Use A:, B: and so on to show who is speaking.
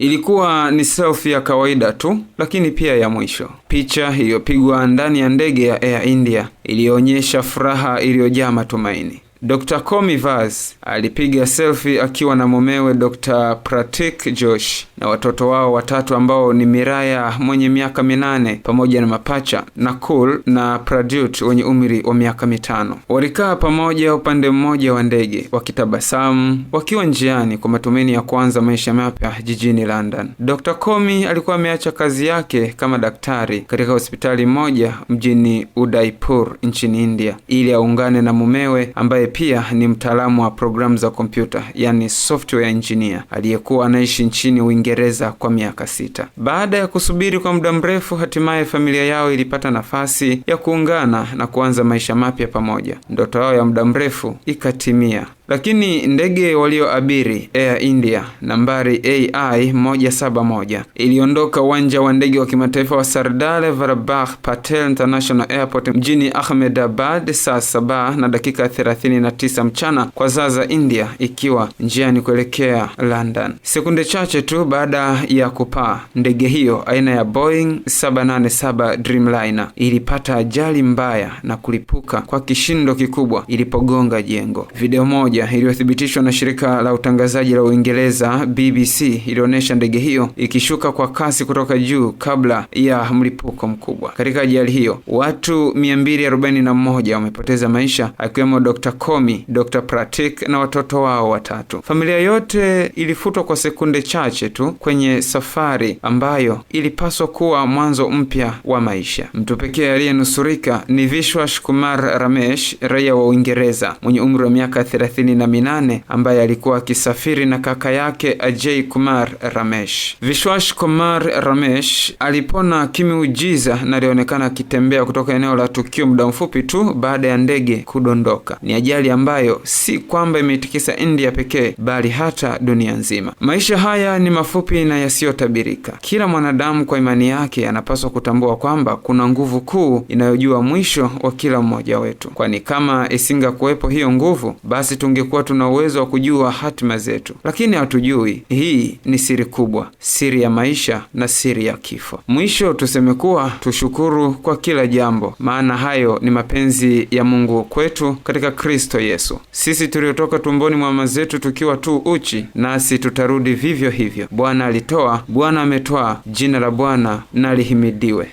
A: Ilikuwa ni selfie ya kawaida tu, lakini pia ya mwisho. Picha iliyopigwa ndani ya ndege ya Air India iliyoonyesha furaha iliyojaa matumaini. Dr. Komi Vaz alipiga selfie akiwa na mumewe Dr. Pratik josh na watoto wao watatu ambao ni Miraya mwenye miaka minane pamoja na mapacha Nakul na Pradyut wenye umri wa miaka mitano. Walikaa pamoja upande mmoja wa ndege wakitabasamu, wakiwa njiani kwa matumaini ya kuanza maisha mapya jijini London. Dr. Komi alikuwa ameacha kazi yake kama daktari katika hospitali moja mjini Udaipur nchini India ili aungane na mumewe ambaye pia ni mtaalamu wa programu za kompyuta, yani software engineer aliyekuwa anaishi nchini Uingereza kwa miaka sita. Baada ya kusubiri kwa muda mrefu, hatimaye familia yao ilipata nafasi ya kuungana na kuanza maisha mapya pamoja. Ndoto yao ya muda mrefu ikatimia lakini ndege walioabiri Air India nambari AI 171 iliondoka uwanja wa ndege wa kimataifa wa Sardar Vallabhbhai Patel International Airport mjini Ahmedabad saa saba na dakika 39 mchana kwa saa za India, ikiwa njiani kuelekea London. Sekunde chache tu baada ya kupaa, ndege hiyo aina ya Boeing 787 Dreamliner ilipata ajali mbaya na kulipuka kwa kishindo kikubwa ilipogonga jengo. Video moja moja iliyothibitishwa na shirika la utangazaji la Uingereza BBC ilionyesha ndege hiyo ikishuka kwa kasi kutoka juu kabla ya mlipuko mkubwa. Katika ajali hiyo watu 241 wamepoteza maisha, akiwemo Dr. Komi, Dr. Pratik na watoto wao watatu. Familia yote ilifutwa kwa sekunde chache tu kwenye safari ambayo ilipaswa kuwa mwanzo mpya wa maisha. Mtu pekee aliyenusurika ni Vishwash Kumar Ramesh, raia wa Uingereza mwenye umri wa miaka ishirini na minane ambaye alikuwa akisafiri na kaka yake Ajay Kumar Ramesh. Vishwash Kumar Ramesh alipona kimiujiza na alionekana akitembea kutoka eneo la tukio muda mfupi tu baada ya ndege kudondoka. Ni ajali ambayo si kwamba imeitikisa India pekee bali hata dunia nzima. Maisha haya ni mafupi na yasiyotabirika. Kila mwanadamu kwa imani yake anapaswa kutambua kwamba kuna nguvu kuu inayojua mwisho wa kila mmoja wetu, kwani kama isingakuwepo hiyo nguvu, basi tunge tungekuwa tuna uwezo wa kujua hatima zetu, lakini hatujui. Hii ni siri kubwa, siri ya maisha na siri ya kifo. Mwisho tuseme kuwa tushukuru kwa kila jambo, maana hayo ni mapenzi ya Mungu kwetu katika Kristo Yesu. Sisi tuliotoka tumboni mwa mama zetu tukiwa tu uchi, nasi tutarudi vivyo hivyo. Bwana alitoa, Bwana ametwaa, jina la Bwana na lihimidiwe.